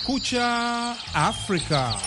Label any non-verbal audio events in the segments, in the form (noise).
Kumekucha Afrika.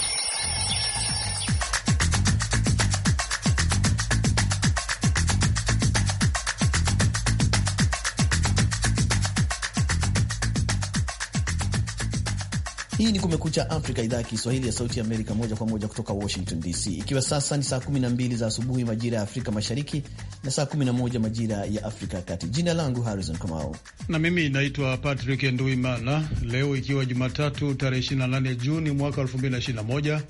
Hii ni Kumekucha Afrika, idhaa ya Kiswahili ya Sauti Amerika, moja kwa moja kutoka Washington DC, ikiwa sasa ni saa 12 za asubuhi majira ya Afrika Mashariki na saa 11 majira ya Afrika ya Kati. Jina langu Harrison Kamau na mimi naitwa Patrick Nduimana. Leo ikiwa Jumatatu tarehe 28 Juni mwaka 2021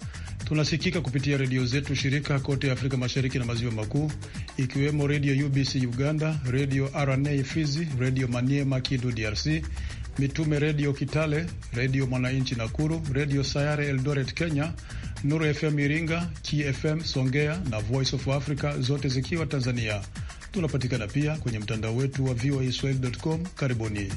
tunasikika kupitia redio zetu shirika kote Afrika Mashariki na Maziwa Makuu, ikiwemo Redio UBC Uganda, Redio RNA Fizi, Redio Maniema Kidu DRC, Mitume Redio Kitale, Redio Mwananchi Nakuru, Redio Sayare Eldoret Kenya, Nuru FM Iringa, KFM Songea na Voice of Africa, zote zikiwa Tanzania. Tunapatikana pia kwenye mtandao wetu wa voaswahili.com. Karibuni.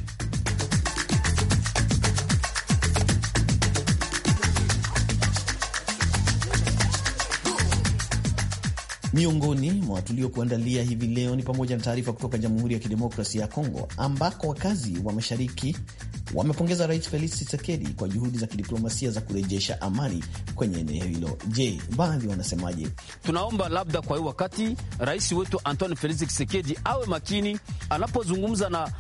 Miongoni mwa tuliokuandalia hivi leo ni pamoja na taarifa kutoka Jamhuri ya Kidemokrasia ya Kongo ambako wakazi wa mashariki wamepongeza Rais Felix Tshisekedi kwa juhudi za kidiplomasia za kurejesha amani kwenye eneo hilo. Je, baadhi wanasemaje? Tunaomba labda kwa hii wakati rais wetu Antoine Felix Tshisekedi awe makini anapozungumza na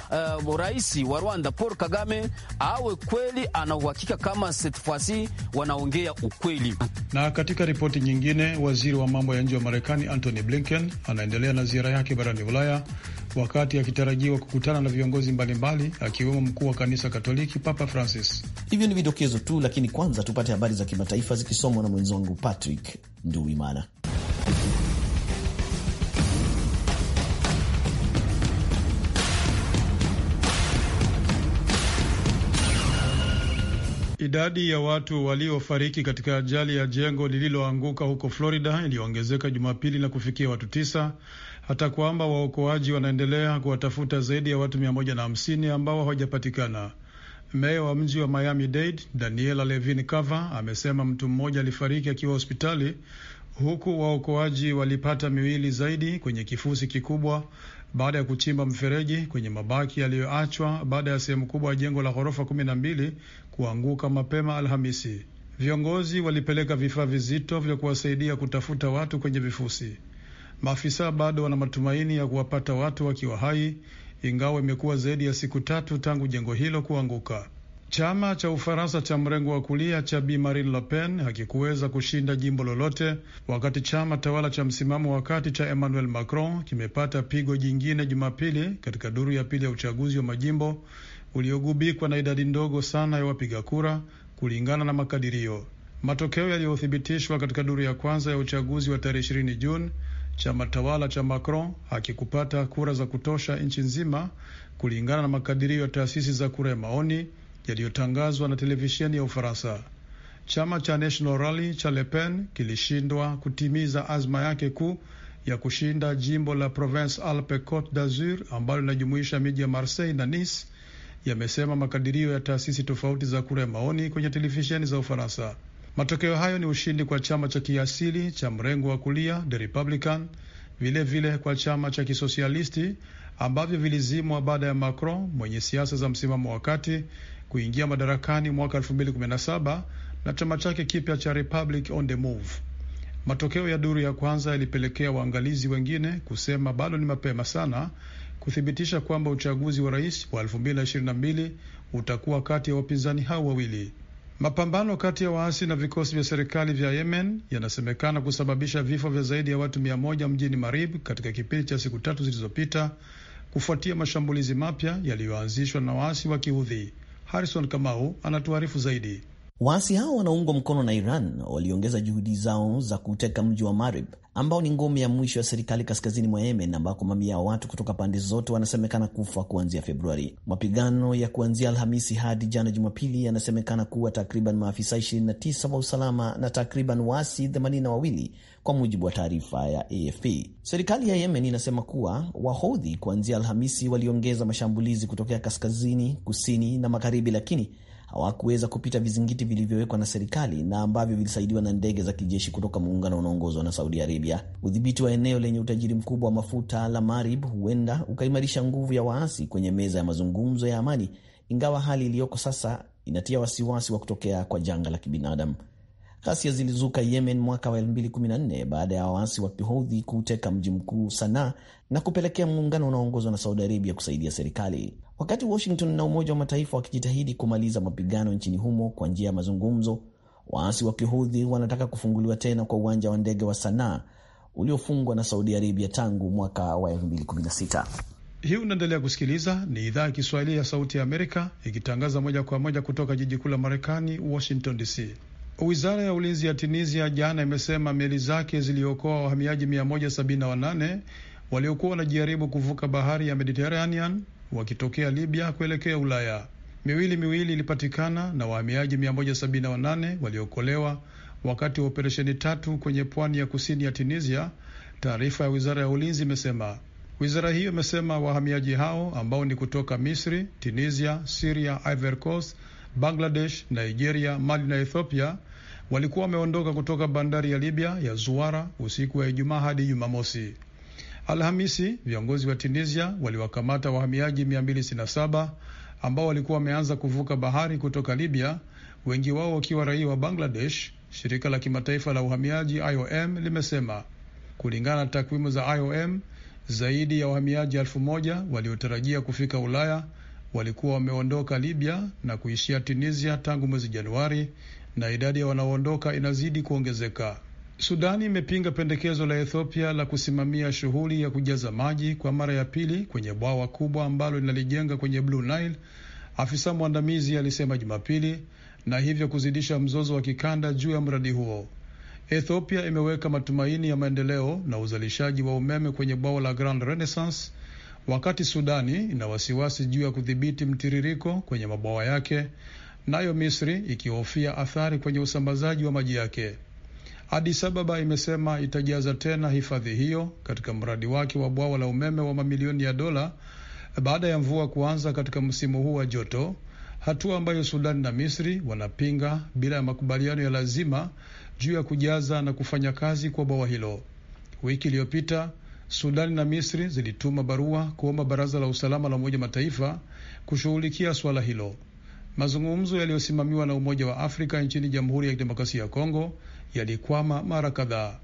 uh, rais wa Rwanda Paul Kagame, awe kweli anauhakika kama setfasi wanaongea ukweli. Na katika ripoti nyingine, waziri wa mambo ya nje wa Marekani Antony Blinken anaendelea na ziara yake barani Ulaya wakati akitarajiwa kukutana na viongozi mbalimbali akiwemo mkuu wa kanisa Katoliki Papa Francis. Hivyo ni vidokezo tu, lakini kwanza tupate habari za kimataifa zikisomwa na mwenzangu Patrick Nduwimana. Idadi ya watu waliofariki katika ajali ya jengo lililoanguka huko Florida iliyoongezeka Jumapili na kufikia watu tisa, hata kwamba waokoaji wanaendelea kuwatafuta zaidi ya watu mia ambao hawajapatikana. Meya wa mji wa Miami Dade Daniela Levin Cava amesema mtu mmoja alifariki akiwa hospitali huku waokoaji walipata miwili zaidi kwenye kifusi kikubwa baada ya kuchimba mfereji kwenye mabaki yaliyoachwa baada ya sehemu kubwa ya jengo la ghorofa kumi na mbili kuanguka mapema Alhamisi. Viongozi walipeleka vifaa vizito vya kuwasaidia kutafuta watu kwenye vifusi. Maafisa bado wana matumaini ya kuwapata watu wakiwa hai, ingawa imekuwa zaidi ya siku tatu tangu jengo hilo kuanguka. Chama cha Ufaransa cha mrengo wa kulia cha Bi Marine Le Pen hakikuweza kushinda jimbo lolote, wakati chama tawala cha msimamo wa kati cha Emmanuel Macron kimepata pigo jingine Jumapili katika duru ya pili ya uchaguzi wa majimbo uliogubikwa na idadi ndogo sana ya wapiga kura kulingana na makadirio. Matokeo yaliyothibitishwa katika duru ya kwanza ya uchaguzi wa tarehe 20 Juni chama tawala cha Macron hakikupata kura za kutosha nchi nzima kulingana na makadirio ya taasisi za kura ya maoni yaliyotangazwa na televisheni ya Ufaransa. Chama cha National Rally cha Le Pen kilishindwa kutimiza azma yake kuu ya kushinda jimbo la Provence Alpe Cote d'Azur ambalo linajumuisha miji ya Marseille na Nice, yamesema makadirio ya taasisi tofauti za kura ya maoni kwenye televisheni za Ufaransa. Matokeo hayo ni ushindi kwa chama cha kiasili cha mrengo wa kulia The Republican, vilevile vile kwa chama cha kisosialisti ambavyo vilizimwa baada ya Macron mwenye siasa za msimamo wa kati kuingia madarakani mwaka 2017 na chama chake kipya cha Republic on the Move. Matokeo ya duru ya kwanza yalipelekea waangalizi wengine kusema bado ni mapema sana kuthibitisha kwamba uchaguzi wa rais wa 2022 utakuwa kati ya wapinzani hao wawili. Mapambano kati ya waasi na vikosi vya serikali vya Yemen yanasemekana kusababisha vifo vya zaidi ya watu mia moja mjini Marib katika kipindi cha siku tatu zilizopita kufuatia mashambulizi mapya yaliyoanzishwa na waasi wa Kiudhi. Harrison Kamau anatuarifu zaidi. Waasi hao wanaungwa mkono na Iran waliongeza juhudi zao za kuteka mji wa Marib ambao ni ngome ya mwisho ya serikali kaskazini mwa Yemen, ambako mamia ya watu kutoka pande zote wanasemekana kufa kuanzia Februari. Mapigano ya kuanzia Alhamisi hadi jana Jumapili yanasemekana kuwa takriban maafisa 29 wa usalama na takriban waasi wawili, kwa mujibu wa taarifa ya AFP. Serikali ya Yemen inasema kuwa Wahodhi kuanzia Alhamisi waliongeza mashambulizi kutokea kaskazini, kusini na magharibi, lakini hawakuweza kupita vizingiti vilivyowekwa na serikali na ambavyo vilisaidiwa na ndege za kijeshi kutoka muungano unaongozwa na Saudi Arabia. Udhibiti wa eneo lenye utajiri mkubwa wa mafuta la Marib huenda ukaimarisha nguvu ya waasi kwenye meza ya mazungumzo ya amani, ingawa hali iliyoko sasa inatia wasiwasi wa kutokea kwa janga la kibinadamu. Ghasia zilizuka Yemen mwaka wa 2014 baada ya waasi wa Kihodhi kuuteka mji mkuu Sanaa na kupelekea muungano unaoongozwa na Saudi Arabia kusaidia serikali. Wakati Washington na Umoja wa Mataifa wakijitahidi kumaliza mapigano nchini humo kwa njia ya mazungumzo, waasi wa Kihodhi wanataka kufunguliwa tena kwa uwanja wa ndege wa Sanaa uliofungwa na Saudi Arabia tangu mwaka wa 2016. Hii unaendelea kusikiliza, ni idhaa ya Kiswahili ya Sauti ya Amerika ikitangaza moja kwa moja kutoka jiji kuu la Marekani, Washington DC. Wizara ya ulinzi ya Tunisia jana imesema meli zake ziliokoa wahamiaji 178 waliokuwa wanajaribu kuvuka bahari ya Mediterranean wakitokea Libya kuelekea Ulaya. Miwili miwili ilipatikana na wahamiaji 178 waliokolewa wakati wa operesheni tatu kwenye pwani ya kusini ya Tunisia, taarifa ya wizara ya ulinzi imesema. Wizara hiyo imesema wahamiaji hao ambao ni kutoka Misri, Tunisia, Siria, Ivory Coast Bangladesh, Nigeria, Mali na Ethiopia walikuwa wameondoka kutoka bandari ya Libya ya zuara usiku wa Ijumaa hadi Jumamosi. Alhamisi, viongozi wa Tunisia waliwakamata wahamiaji 267 ambao walikuwa wameanza kuvuka bahari kutoka Libya, wengi wao wakiwa raia wa Bangladesh. Shirika la kimataifa la uhamiaji IOM limesema kulingana na takwimu za IOM, zaidi ya wahamiaji elfu moja waliotarajia kufika Ulaya walikuwa wameondoka Libya na kuishia Tunisia tangu mwezi Januari, na idadi ya wanaoondoka inazidi kuongezeka. Sudani imepinga pendekezo la Ethiopia la kusimamia shughuli ya kujaza maji kwa mara ya pili kwenye bwawa kubwa ambalo linalijenga kwenye Blue Nile, afisa mwandamizi alisema Jumapili, na hivyo kuzidisha mzozo wa kikanda juu ya mradi huo. Ethiopia imeweka matumaini ya maendeleo na uzalishaji wa umeme kwenye bwawa la Grand Renaissance wakati Sudani ina wasiwasi juu ya kudhibiti mtiririko kwenye mabwawa yake, nayo Misri ikihofia athari kwenye usambazaji wa maji yake. Addis Ababa imesema itajaza tena hifadhi hiyo katika mradi wake wa bwawa la umeme wa mamilioni ya dola baada ya mvua kuanza katika msimu huu wa joto, hatua ambayo Sudani na Misri wanapinga bila ya makubaliano ya lazima juu ya kujaza na kufanya kazi kwa bwawa hilo. Wiki iliyopita Sudani na Misri zilituma barua kuomba baraza la usalama la Umoja Mataifa kushughulikia suala hilo. Mazungumzo yaliyosimamiwa na Umoja wa Afrika nchini Jamhuri ya Kidemokrasia ya Kongo yalikwama mara kadhaa.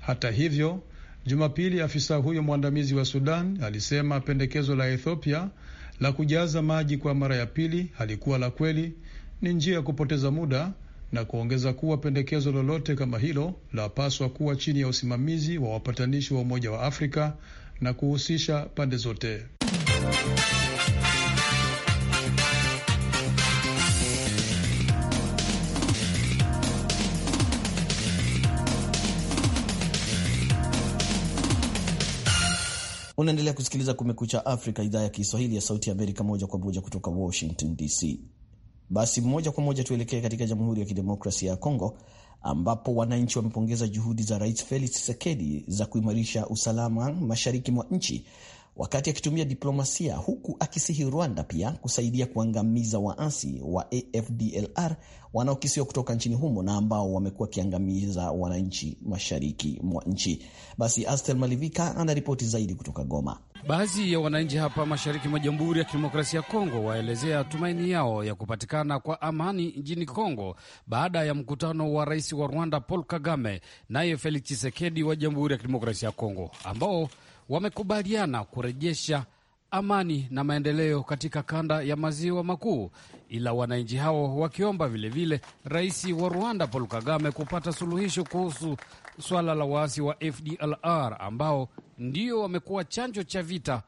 Hata hivyo, Jumapili afisa huyo mwandamizi wa Sudan alisema pendekezo la Ethiopia la kujaza maji kwa mara ya pili halikuwa la kweli, ni njia ya kupoteza muda na kuongeza kuwa pendekezo lolote kama hilo lapaswa kuwa chini ya usimamizi wa wapatanishi wa Umoja wa Afrika na kuhusisha pande zote. Unaendelea kusikiliza Kumekucha Afrika, idhaa ya Kiswahili ya Sauti ya Amerika, moja kwa moja kutoka Washington DC. Basi moja kwa moja tuelekee katika Jamhuri ya Kidemokrasia ya Kongo ambapo wananchi wamepongeza juhudi za Rais Felix Tshisekedi za kuimarisha usalama mashariki mwa nchi wakati akitumia diplomasia, huku akisihi Rwanda pia kusaidia kuangamiza waasi wa AFDLR wanaokisiwa kutoka nchini humo na ambao wamekuwa wakiangamiza wananchi mashariki mwa nchi. Basi Astel Malivika anaripoti zaidi kutoka Goma. Baadhi ya wananchi hapa mashariki mwa Jamhuri ya Kidemokrasia ya Kongo waelezea tumaini yao ya kupatikana kwa amani nchini Kongo baada ya mkutano wa rais wa Rwanda Paul Kagame naye Felix Tshisekedi wa Jamhuri ya Kidemokrasia ya Kongo ambao wamekubaliana kurejesha amani na maendeleo katika kanda ya maziwa makuu, ila wananchi hao wakiomba vilevile rais wa Rwanda Paul Kagame kupata suluhisho kuhusu swala la waasi wa FDLR ambao ndio wamekuwa chanjo cha vita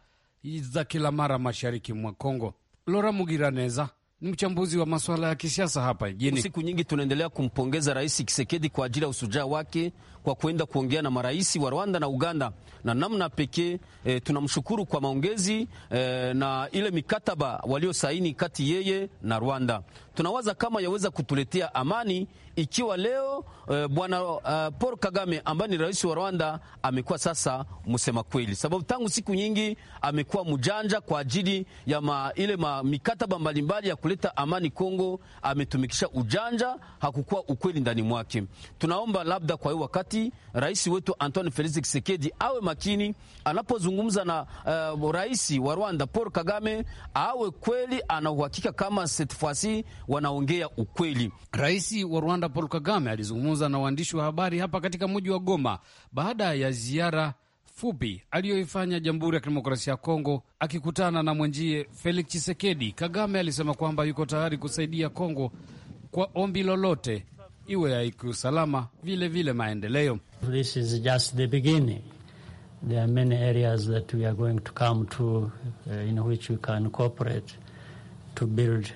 za kila mara mashariki mwa Kongo. Lora Mugiraneza ni mchambuzi wa masuala ya kisiasa hapa jini. Siku nyingi tunaendelea kumpongeza Rais Kisekedi kwa ajili ya usujaa wake kwa kuenda kuongea na marais wa Rwanda na Uganda, na namna pekee eh, tunamshukuru kwa maongezi e, na ile mikataba waliosaini kati yeye na Rwanda. Tunawaza kama yaweza kutuletea amani ikiwa leo uh, bwana uh, Paul Kagame ambaye ni rais wa Rwanda amekuwa sasa msema kweli, sababu tangu siku nyingi amekuwa mjanja kwa ajili ya ma, ile ma, mikataba mbalimbali ya kuleta amani Kongo. Ametumikisha ujanja, hakukuwa ukweli ndani mwake. Tunaomba labda kwa hiyo wakati rais wetu Antoine Felix Tshisekedi awe makini anapozungumza na uh, rais wa Rwanda Paul Kagame, awe kweli ana uhakika kama setfasi wanaongea ukweli. Rais wa Rwanda Paul Kagame alizungumza na waandishi wa habari hapa katika mji wa Goma baada ya ziara fupi aliyoifanya Jamhuri ya Kidemokrasia ya Kongo akikutana na mwenjie Felix Chisekedi. Kagame alisema kwamba yuko tayari kusaidia Kongo kwa ombi lolote, iwe ya kiusalama, vile vile maendeleo. This is just the beginning. There are many areas that we are going to come to, uh, in which we can cooperate to build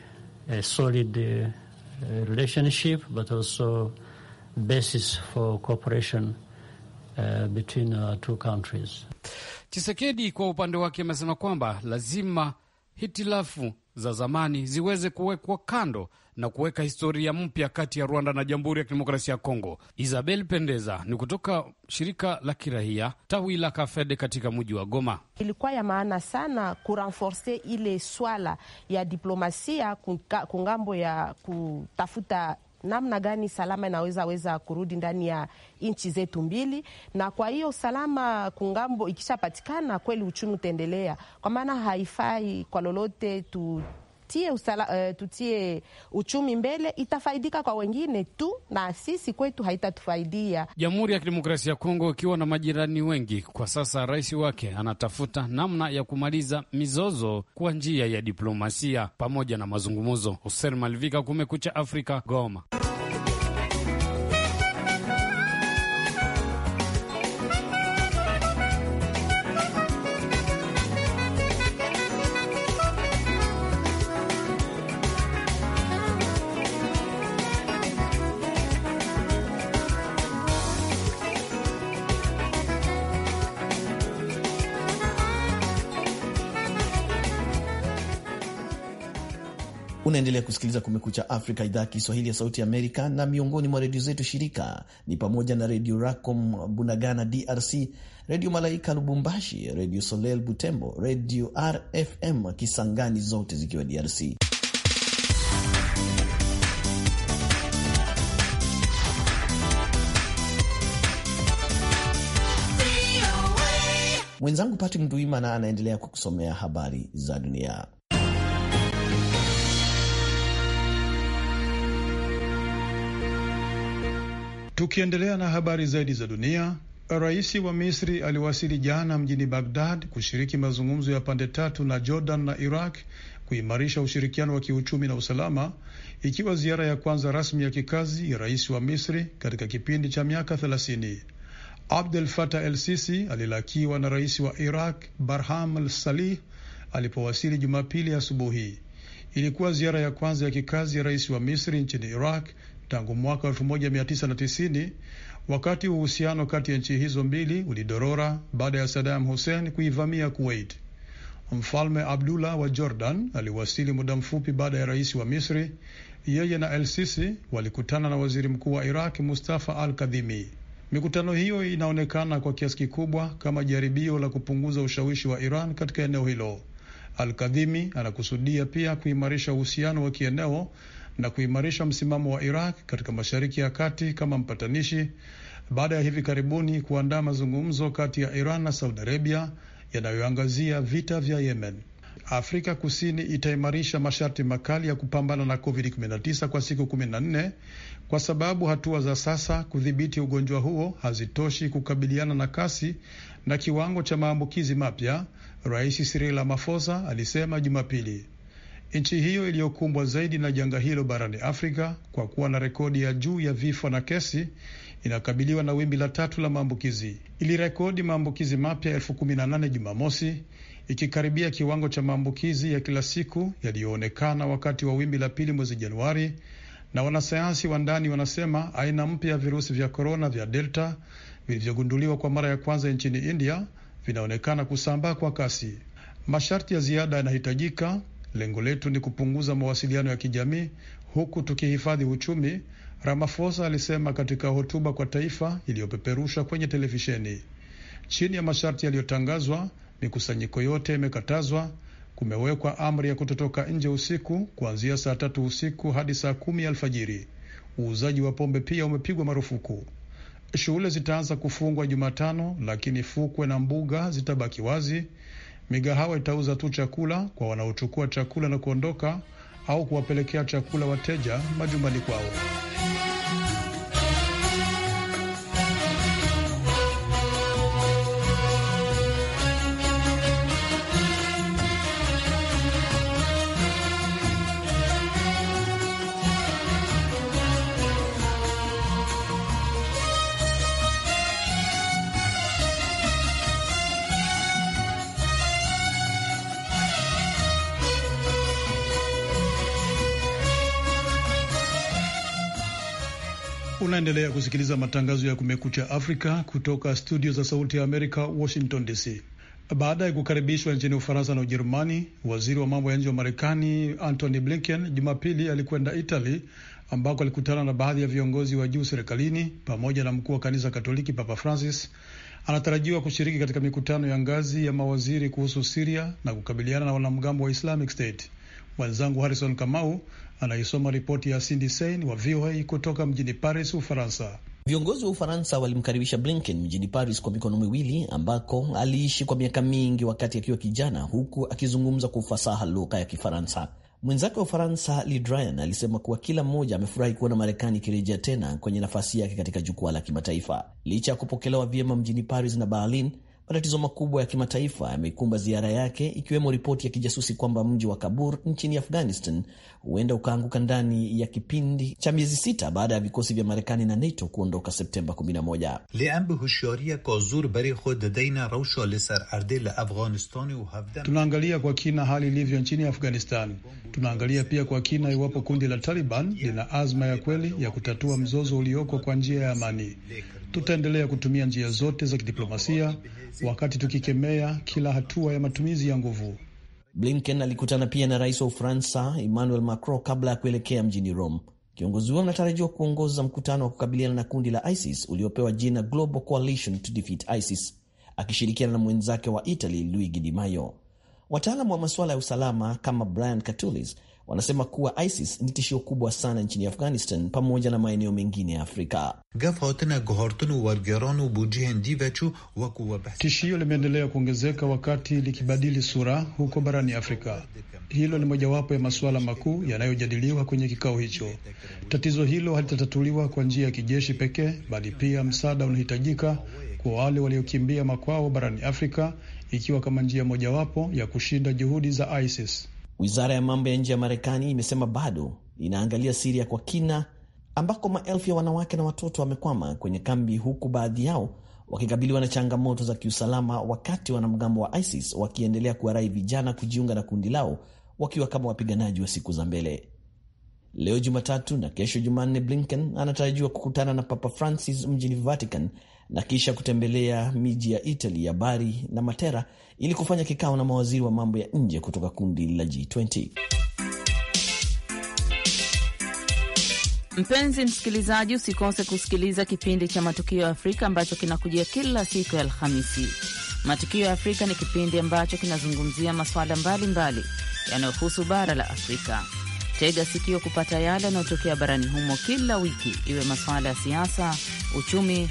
a solid, uh, relationship, but also basis for cooperation uh, between our uh, two countries. Chisekedi kwa upande wake amesema kwamba lazima hitilafu za zamani ziweze kuwekwa kando na kuweka historia mpya kati ya Rwanda na Jamhuri ya Kidemokrasia ya Kongo. Isabel Pendeza ni kutoka shirika la kirahia tawi la Kafede katika mji wa Goma. Ilikuwa ya maana sana kurenforce ile swala ya diplomasia kungambo ya kutafuta namna gani salama inaweza weza kurudi ndani ya nchi zetu mbili, na kwa hiyo salama kungambo ikishapatikana kweli uchumi utaendelea, kwa maana haifai kwa lolote tu tutie, usala, uh, tutie uchumi mbele, itafaidika kwa wengine tu na sisi kwetu haitatufaidia. Jamhuri ya Kidemokrasia ya Kongo ikiwa na majirani wengi kwa sasa, rais wake anatafuta namna ya kumaliza mizozo kwa njia ya diplomasia pamoja na mazungumzo. Hussein Malvika, Kumekucha Afrika, Goma. Unaendelea kusikiliza Kumekucha Afrika, idhaa ya Kiswahili ya Sauti Amerika, na miongoni mwa redio zetu shirika ni pamoja na Redio Racom Bunagana DRC, Redio Malaika Lubumbashi, Redio Soleil Butembo, Redio RFM Kisangani, zote zikiwa DRC. Mwenzangu Patrick Nduimana anaendelea kukusomea habari za dunia. Tukiendelea na habari zaidi za dunia, rais wa Misri aliwasili jana mjini Bagdad kushiriki mazungumzo ya pande tatu na Jordan na Iraq kuimarisha ushirikiano wa kiuchumi na usalama, ikiwa ziara ya kwanza rasmi ya kikazi ya rais wa Misri katika kipindi cha miaka 30. Abdel Fattah El Sisi alilakiwa na rais wa Iraq Barham Al Salih alipowasili Jumapili asubuhi. Ilikuwa ziara ya kwanza ya kikazi ya rais wa Misri nchini Iraq tangu mwaka 1990 wakati uhusiano kati ya nchi hizo mbili ulidorora baada ya Saddam Hussein kuivamia Kuwait. Mfalme Abdullah wa Jordan aliwasili muda mfupi baada ya rais wa Misri. Yeye na El Sisi walikutana na waziri mkuu wa Iraq Mustafa Al Kadhimi. Mikutano hiyo inaonekana kwa kiasi kikubwa kama jaribio la kupunguza ushawishi wa Iran katika eneo hilo. Al Kadhimi anakusudia pia kuimarisha uhusiano wa kieneo na kuimarisha msimamo wa Iraq katika Mashariki ya Kati kama mpatanishi baada ya hivi karibuni kuandaa mazungumzo kati ya Iran na Saudi Arabia yanayoangazia vita vya Yemen. Afrika Kusini itaimarisha masharti makali ya kupambana na COVID-19 kwa siku 14 kwa sababu hatua za sasa kudhibiti ugonjwa huo hazitoshi kukabiliana na kasi na kiwango cha maambukizi mapya, Rais Cyril Ramaphosa alisema Jumapili nchi hiyo iliyokumbwa zaidi na janga hilo barani Afrika kwa kuwa na rekodi ya juu ya vifo na kesi inakabiliwa na wimbi la tatu la maambukizi. Ilirekodi maambukizi mapya elfu kumi na nane Jumamosi, ikikaribia kiwango cha maambukizi ya kila siku yaliyoonekana wakati wa wimbi la pili mwezi Januari, na wanasayansi wa ndani wanasema aina mpya ya virusi vya korona vya Delta vilivyogunduliwa kwa mara ya kwanza nchini India vinaonekana kusambaa kwa kasi. Masharti ya ziada yanahitajika Lengo letu ni kupunguza mawasiliano ya kijamii huku tukihifadhi uchumi, Ramaphosa alisema katika hotuba kwa taifa iliyopeperusha kwenye televisheni. Chini ya masharti yaliyotangazwa, mikusanyiko yote imekatazwa. Kumewekwa amri ya kutotoka nje usiku kuanzia saa tatu usiku hadi saa kumi alfajiri. Uuzaji wa pombe pia umepigwa marufuku. Shule zitaanza kufungwa Jumatano, lakini fukwe na mbuga zitabaki wazi. Migahawa itauza tu chakula kwa wanaochukua chakula na kuondoka au kuwapelekea chakula wateja majumbani kwao. Unaendelea kusikiliza matangazo ya Kumekucha Afrika kutoka studio za Sauti ya Amerika, Washington DC. Baada ya kukaribishwa nchini Ufaransa na Ujerumani, waziri wa mambo ya nje wa Marekani Antony Blinken Jumapili alikwenda Italy ambako alikutana na baadhi ya viongozi wa juu serikalini pamoja na mkuu wa kanisa Katoliki Papa Francis. Anatarajiwa kushiriki katika mikutano ya ngazi ya mawaziri kuhusu Siria na kukabiliana na wanamgambo wa Islamic State. Mwenzangu Harrison Kamau anaisoma ripoti ya Cindy Sein wa VOA kutoka mjini Paris, Ufaransa. Viongozi wa Ufaransa walimkaribisha Blinken mjini Paris kwa mikono miwili ambako aliishi kwa miaka mingi wakati akiwa kijana, huku akizungumza kwa ufasaha lugha ya Kifaransa. Mwenzake wa Ufaransa Li alisema kuwa kila mmoja amefurahi kuona Marekani ikirejea tena kwenye nafasi yake katika jukwaa la kimataifa. Licha ya kupokelewa vyema mjini Paris na Berlin, Matatizo makubwa ya kimataifa yameikumba ziara yake, ikiwemo ripoti ya kijasusi kwamba mji wa Kabul nchini Afghanistan huenda ukaanguka ndani ya kipindi cha miezi sita baada ya vikosi vya Marekani na NATO kuondoka Septemba 11. zur dadaina rausha Tunaangalia kwa kina hali ilivyo nchini Afghanistan Tunaangalia pia kwa kina iwapo kundi la Taliban lina azma ya kweli ya kutatua mzozo ulioko kwa njia ya amani. Tutaendelea kutumia njia zote za kidiplomasia wakati tukikemea kila hatua ya matumizi ya nguvu. Blinken alikutana pia na rais wa Ufaransa Emmanuel Macron kabla ya kuelekea mjini Rome. Kiongozi huyo anatarajiwa kuongoza mkutano wa kukabiliana na kundi la ISIS uliopewa jina Global Coalition to Defeat ISIS akishirikiana na mwenzake wa Italy Luigi Di Maio. Wataalamu wa masuala ya usalama kama Brian Katulis wanasema kuwa ISIS ni tishio kubwa sana nchini Afghanistan pamoja na maeneo mengine ya Afrika. Tishio limeendelea kuongezeka wakati likibadili sura huko barani Afrika. Hilo ni mojawapo ya masuala makuu yanayojadiliwa kwenye kikao hicho. Tatizo hilo halitatatuliwa kwa njia ya kijeshi pekee, bali pia msaada unahitajika kwa wale waliokimbia makwao barani Afrika ikiwa kama njia mojawapo ya kushinda juhudi za ISIS. Wizara ya mambo ya nje ya Marekani imesema bado inaangalia Siria kwa kina, ambako maelfu ya wanawake na watoto wamekwama kwenye kambi, huku baadhi yao wakikabiliwa na changamoto za kiusalama, wakati wanamgambo wa ISIS wakiendelea kuwarai vijana kujiunga na kundi lao wakiwa kama wapiganaji wa siku za mbele. Leo Jumatatu na kesho Jumanne, Blinken anatarajiwa kukutana na Papa Francis mjini Vatican na kisha kutembelea miji ya Italy ya Bari na Matera ili kufanya kikao na mawaziri wa mambo ya nje kutoka kundi la G20. Mpenzi msikilizaji, usikose kusikiliza kipindi cha Matukio ya Afrika ambacho kinakujia kila siku ya Alhamisi. Matukio ya Afrika ni kipindi ambacho kinazungumzia masuala mbalimbali yanayohusu bara la Afrika. Tega sikio kupata yale yanayotokea barani humo kila wiki, iwe masuala ya siasa, uchumi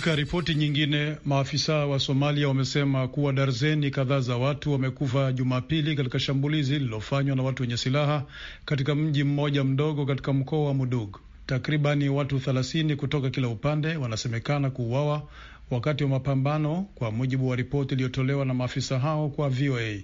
Katika ripoti nyingine, maafisa wa Somalia wamesema kuwa darzeni kadhaa za watu wamekufa Jumapili katika shambulizi lililofanywa na watu wenye silaha katika mji mmoja mdogo katika mkoa wa Mudug. Takribani watu 30 kutoka kila upande wanasemekana kuuawa wakati wa mapambano, kwa mujibu wa ripoti iliyotolewa na maafisa hao kwa VOA.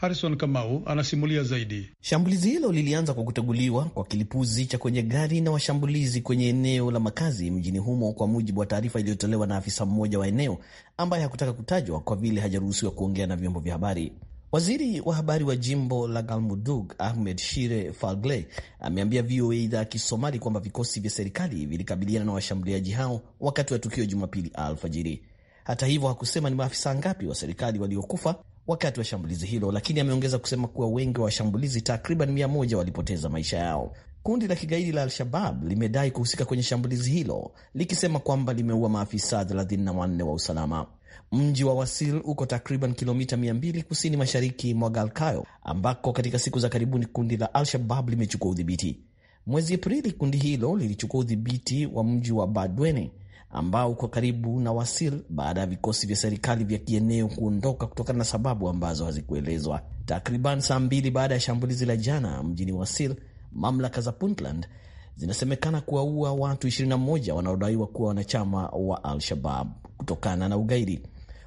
Harrison Kamau anasimulia zaidi. Shambulizi hilo lilianza kwa kuteguliwa kwa kilipuzi cha kwenye gari na washambulizi kwenye eneo la makazi mjini humo, kwa mujibu wa taarifa iliyotolewa na afisa mmoja wa eneo ambaye hakutaka kutajwa kwa vile hajaruhusiwa kuongea na vyombo vya habari. Waziri wa habari wa jimbo la Galmudug Ahmed Shire Falgle ameambia VOA idhaa ya Kisomali kwamba vikosi vya serikali vilikabiliana na washambuliaji hao wakati wa tukio Jumapili alfajiri. Hata hivyo hakusema ni maafisa ngapi wa serikali waliokufa wakati wa shambulizi hilo, lakini ameongeza kusema kuwa wengi wa washambulizi takriban mia moja walipoteza maisha yao. Kundi la kigaidi la Al-Shabab limedai kuhusika kwenye shambulizi hilo likisema kwamba limeua maafisa 34 wa usalama. Mji wa Wasil uko takriban kilomita 200 kusini mashariki mwa Galkayo, ambako katika siku za karibuni kundi la Al-Shabab limechukua udhibiti. Mwezi Aprili, kundi hilo lilichukua udhibiti wa mji wa Badwene ambao uko karibu na Wasir baada ya vikosi vya serikali vya kieneo kuondoka kutokana na sababu ambazo hazikuelezwa. Takriban saa mbili baada ya shambulizi la jana mjini Wasir, mamlaka za Puntland zinasemekana kuwaua watu 21 wanaodaiwa kuwa wanachama wa Al-Shabab kutokana na ugaidi.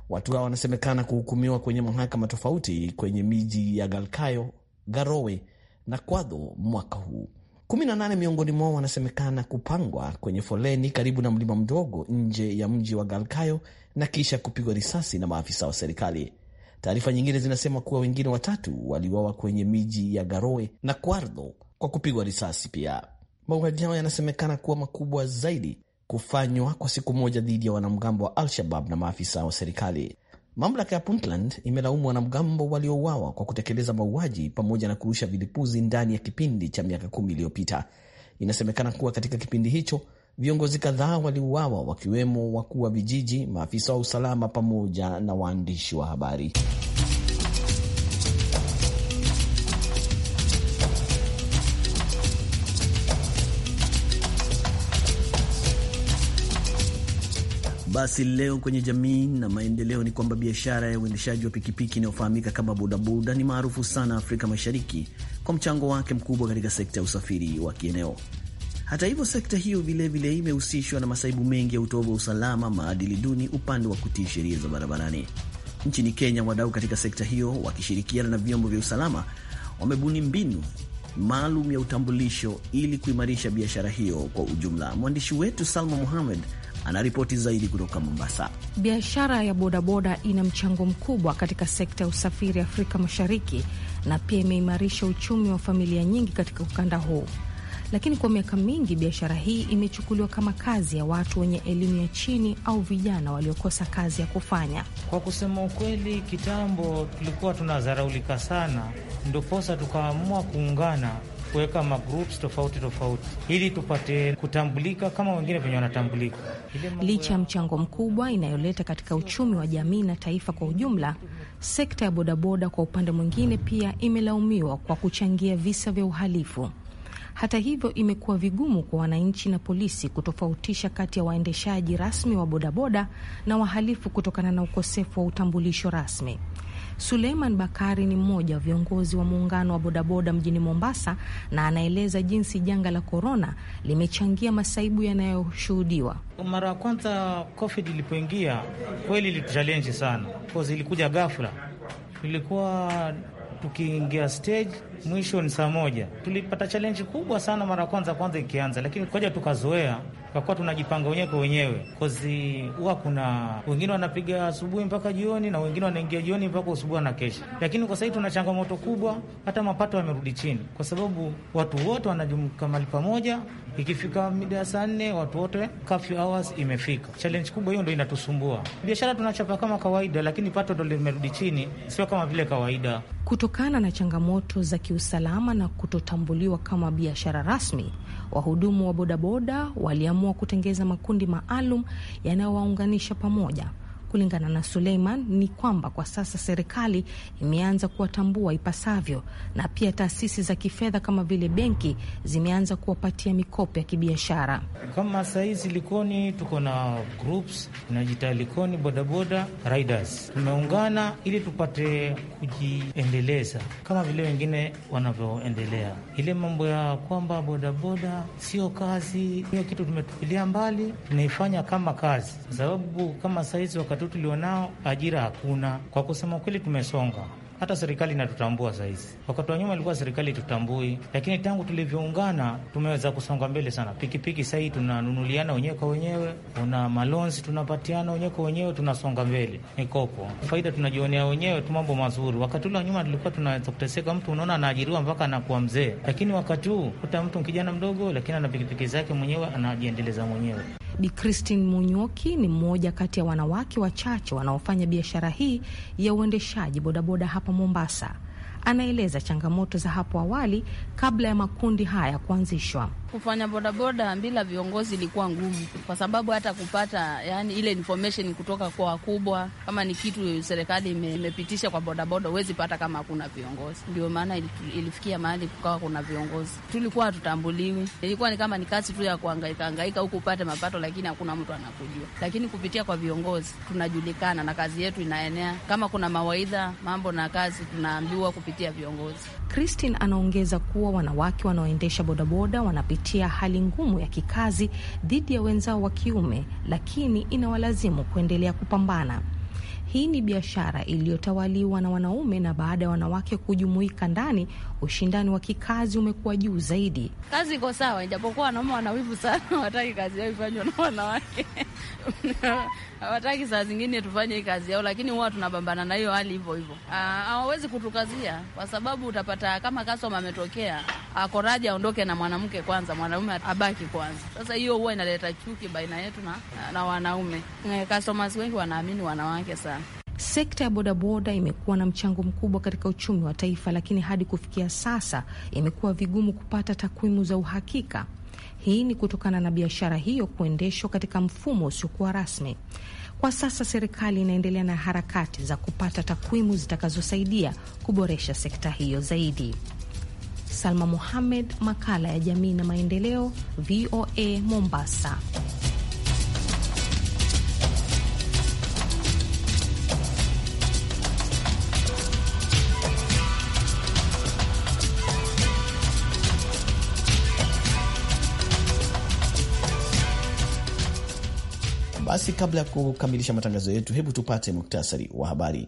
Watu hao wanasemekana kuhukumiwa kwenye mahakama tofauti kwenye miji ya Galkayo, Garowe na Kwadho mwaka huu. 18 miongoni mwao wanasemekana kupangwa kwenye foleni karibu na mlima mdogo nje ya mji wa Galkayo na kisha kupigwa risasi na maafisa wa serikali. Taarifa nyingine zinasema kuwa wengine watatu waliuawa kwenye miji ya Garowe na Kwardo kwa kupigwa risasi pia. Mauaji hayo yanasemekana kuwa makubwa zaidi kufanywa kwa siku moja dhidi ya wanamgambo wa Al-Shabab na maafisa wa serikali. Mamlaka ya Puntland imelaumu wanamgambo waliouawa kwa kutekeleza mauaji pamoja na kurusha vilipuzi ndani ya kipindi cha miaka kumi iliyopita. Inasemekana kuwa katika kipindi hicho viongozi kadhaa waliuawa, wakiwemo wakuu wa vijiji, maafisa wa usalama pamoja na waandishi wa habari. Basi leo kwenye jamii na maendeleo ni kwamba biashara ya uendeshaji wa pikipiki inayofahamika kama bodaboda ni maarufu sana Afrika Mashariki kwa mchango wake mkubwa katika sekta ya usafiri wa kieneo. Hata hivyo, sekta hiyo vilevile imehusishwa na masaibu mengi ya utovu wa usalama, maadili duni, upande wa kutii sheria za barabarani. Nchini Kenya, wadau katika sekta hiyo wakishirikiana na vyombo vya usalama wamebuni mbinu maalum ya utambulisho ili kuimarisha biashara hiyo kwa ujumla. Mwandishi wetu Salma Muhamed anaripoti zaidi kutoka Mombasa. Biashara ya bodaboda ina mchango mkubwa katika sekta ya usafiri Afrika Mashariki na pia imeimarisha uchumi wa familia nyingi katika ukanda huu. Lakini kwa miaka mingi biashara hii imechukuliwa kama kazi ya watu wenye elimu ya chini au vijana waliokosa kazi ya kufanya. Kwa kusema ukweli, kitambo tulikuwa tunadharaulika sana, ndiposa tukaamua kuungana kuweka magroups tofauti tofauti ili tupate kutambulika kama wengine venye wanatambulika. Licha ya mchango mkubwa inayoleta katika uchumi wa jamii na taifa kwa ujumla, sekta ya bodaboda kwa upande mwingine pia imelaumiwa kwa kuchangia visa vya uhalifu. Hata hivyo, imekuwa vigumu kwa wananchi na polisi kutofautisha kati ya waendeshaji rasmi wa bodaboda na wahalifu kutokana na ukosefu wa utambulisho rasmi. Suleiman Bakari ni mmoja wa viongozi wa muungano wa bodaboda mjini Mombasa, na anaeleza jinsi janga la korona limechangia masaibu yanayoshuhudiwa. Mara ya kwanza COVID ilipoingia kweli ilituchalenji sana, ilikuja ghafla, ilikuwa tukiingia stage mwisho ni saa moja. Tulipata challenge kubwa sana mara kwanza kwanza ikianza, lakini kwaja tukazoea, tukakuwa tunajipanga wenyewe kwa wenyewe, kozi huwa kuna wengine wanapiga asubuhi mpaka jioni na wengine wanaingia jioni mpaka usubuhi na kesha. Lakini kwa sahii tuna changamoto kubwa, hata mapato yamerudi chini, kwa sababu watu wote wanajumka mahali pamoja. Ikifika mida ya saa nne watu wote kafyu hours imefika. Challenge kubwa hiyo ndo inatusumbua. Biashara tunachapa kama kawaida, lakini pato ndo limerudi chini, sio kama vile kawaida, kutokana na changamoto za ki kiusalama na kutotambuliwa kama biashara rasmi, wahudumu wa bodaboda waliamua kutengeza makundi maalum yanayowaunganisha pamoja Kulingana na Suleiman ni kwamba kwa sasa serikali imeanza kuwatambua ipasavyo, na pia taasisi za kifedha kama vile benki zimeanza kuwapatia mikopo ya kibiashara. Kama sahizi Likoni tuko na groups Likoni bodaboda riders, tumeungana ili tupate kujiendeleza kama vile wengine wanavyoendelea. Ile mambo ya kwamba bodaboda sio kazi, hiyo kitu tumetupilia mbali, tunaifanya kama kazi, kwa sababu kama sahizi wakati tu tulionao, ajira hakuna. Kwa kusema kweli, tumesonga hata serikali inatutambua sahizi. Wakati wa nyuma ilikuwa serikali itutambui, lakini tangu tulivyoungana tumeweza kusonga mbele sana. Pikipiki sahii tunanunuliana wenyewe kwa wenyewe, kuna malonzi tunapatiana wenyewe kwa wenyewe, tunasonga mbele. Mikopo faida tunajionea wenyewe tu, mambo mazuri. Wakati ule wa nyuma tulikuwa tunaweza kuteseka, mtu unaona anaajiriwa mpaka anakuwa mzee, lakini wakati huu kuta mtu kijana mdogo, lakini ana pikipiki zake mwenyewe, anajiendeleza mwenyewe. Bi Christine Munyoki ni mmoja kati ya wanawake wachache wanaofanya biashara hii ya uendeshaji bodaboda hapa Mombasa. Anaeleza changamoto za hapo awali kabla ya makundi haya kuanzishwa kufanya bodaboda bila viongozi ilikuwa ngumu, kwa sababu hata kupata yani ile information kutoka kwa wakubwa, kama ni kitu serikali imepitisha kwa bodaboda, huwezi pata kama hakuna viongozi. Ndio maana ilifikia mahali kukawa kuna viongozi, tulikuwa hatutambuliwi. Ilikuwa ni kama ni kazi tu ya kuhangaika hangaika huku upate mapato, lakini hakuna mtu anakujua. Lakini kupitia kwa viongozi tunajulikana na kazi yetu inaenea. Kama kuna mawaidha, mambo na kazi, tunaambiwa kupitia viongozi. Christine anaongeza kuwa wanawake wanaoendesha bodaboda wanapitia kupitia hali ngumu ya kikazi dhidi ya wenzao wa kiume, lakini inawalazimu kuendelea kupambana. Hii ni biashara iliyotawaliwa na wanaume, na baada ya wanawake kujumuika ndani, ushindani wa kikazi umekuwa juu zaidi. Kazi iko sawa, ijapokuwa wanaume wanawivu sana, (laughs) hawataki kazi yao ifanywe na wanawake (laughs) hawataki saa zingine tufanye hii kazi yao, lakini huwa tunapambana na hiyo hali hivyo hivyo. Ah, hawawezi kutukazia kwa sababu utapata kama kasoma ametokea akoraji aondoke na mwanamke kwanza, mwanaume abaki kwanza. Sasa hiyo huwa inaleta chuki baina yetu na, na wanaume. Eh, customers wengi wanaamini wanawake sana. Sekta ya bodaboda imekuwa na mchango mkubwa katika uchumi wa taifa, lakini hadi kufikia sasa imekuwa vigumu kupata takwimu za uhakika. Hii ni kutokana na biashara hiyo kuendeshwa katika mfumo usiokuwa rasmi. Kwa sasa serikali inaendelea na harakati za kupata takwimu zitakazosaidia kuboresha sekta hiyo zaidi. Salma Mohamed, makala ya jamii na maendeleo, VOA Mombasa. Basi kabla ya kukamilisha matangazo yetu, hebu tupate muktasari wa habari.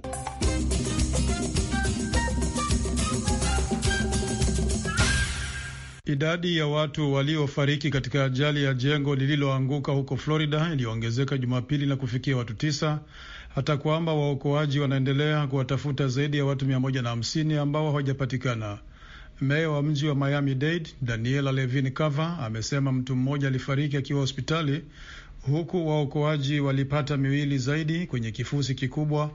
Idadi ya watu waliofariki katika ajali ya jengo lililoanguka huko Florida iliyoongezeka Jumapili na kufikia watu tisa, hata kwamba waokoaji wanaendelea kuwatafuta zaidi ya watu 150 ambao hawajapatikana. Meya wa mji wa Miami Dade Daniela Levin Cava amesema mtu mmoja alifariki akiwa hospitali huku waokoaji walipata miwili zaidi kwenye kifusi kikubwa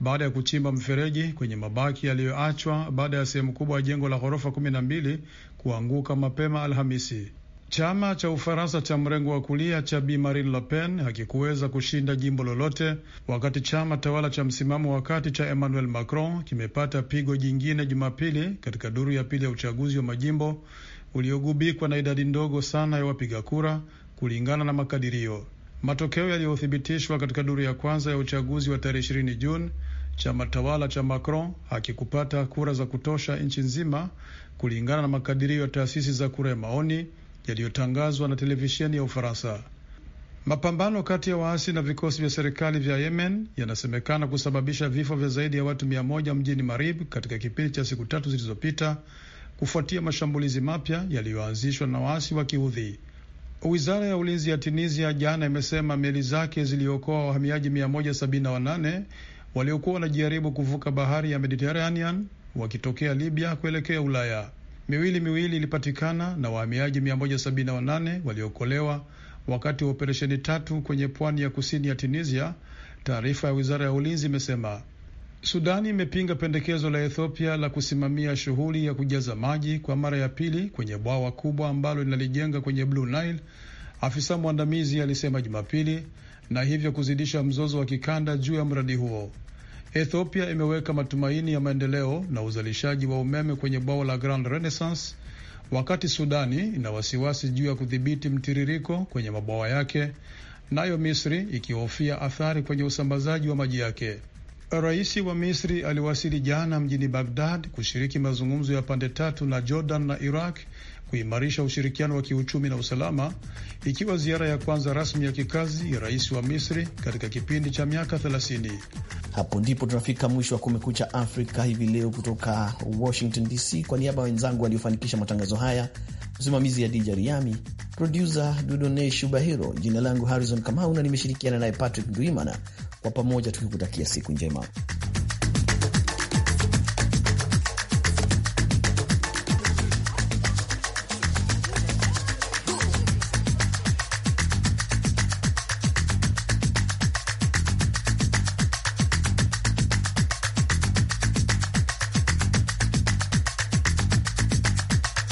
baada ya kuchimba mfereji kwenye mabaki yaliyoachwa baada ya sehemu kubwa ya jengo la ghorofa kumi na mbili kuanguka mapema Alhamisi. Chama cha Ufaransa cha mrengo wa kulia cha Bi Marine Le Pen hakikuweza kushinda jimbo lolote, wakati chama tawala cha msimamo wa kati cha Emmanuel Macron kimepata pigo jingine Jumapili katika duru ya pili ya uchaguzi wa majimbo uliogubikwa na idadi ndogo sana ya wapiga kura kulingana na makadirio. Matokeo yaliyothibitishwa katika duru ya kwanza ya uchaguzi wa tarehe ishirini Juni, chama tawala cha Macron hakikupata kura za kutosha nchi nzima, kulingana na makadirio ya taasisi za kura ya maoni yaliyotangazwa na televisheni ya Ufaransa. Mapambano kati ya waasi na vikosi vya serikali vya Yemen yanasemekana kusababisha vifo vya zaidi ya watu mia moja mjini Marib katika kipindi cha siku tatu zilizopita kufuatia mashambulizi mapya yaliyoanzishwa na waasi wa Kiudhi. Wizara ya ulinzi ya Tunisia jana imesema meli zake ziliokoa wahamiaji 178 waliokuwa wanajaribu kuvuka bahari ya Mediterranean wakitokea Libya kuelekea Ulaya. Miwili miwili ilipatikana na wahamiaji 178 waliokolewa wakati wa operesheni tatu kwenye pwani ya kusini ya Tunisia, taarifa ya wizara ya ulinzi imesema. Sudani imepinga pendekezo la Ethiopia la kusimamia shughuli ya kujaza maji kwa mara ya pili kwenye bwawa kubwa ambalo linalijenga kwenye Blue Nile, afisa mwandamizi alisema Jumapili, na hivyo kuzidisha mzozo wa kikanda juu ya mradi huo. Ethiopia imeweka matumaini ya maendeleo na uzalishaji wa umeme kwenye bwawa la Grand Renaissance, wakati Sudani ina wasiwasi juu ya kudhibiti mtiririko kwenye mabwawa yake, nayo Misri ikihofia athari kwenye usambazaji wa maji yake. Rais wa Misri aliwasili jana mjini Bagdad kushiriki mazungumzo ya pande tatu na Jordan na Iraq kuimarisha ushirikiano wa kiuchumi na usalama, ikiwa ziara ya kwanza rasmi ya kikazi ya rais wa Misri katika kipindi cha miaka 30. Hapo ndipo tunafika mwisho wa Kumekucha Afrika hivi leo, kutoka Washington DC. Kwa niaba ya wenzangu waliofanikisha matangazo haya, msimamizi ya Dija Riami, produsa Dudone Shubahiro, jina langu Harrison Kamau na nimeshirikiana naye Patrick Duimana. Kwa pamoja tukikutakia siku njema.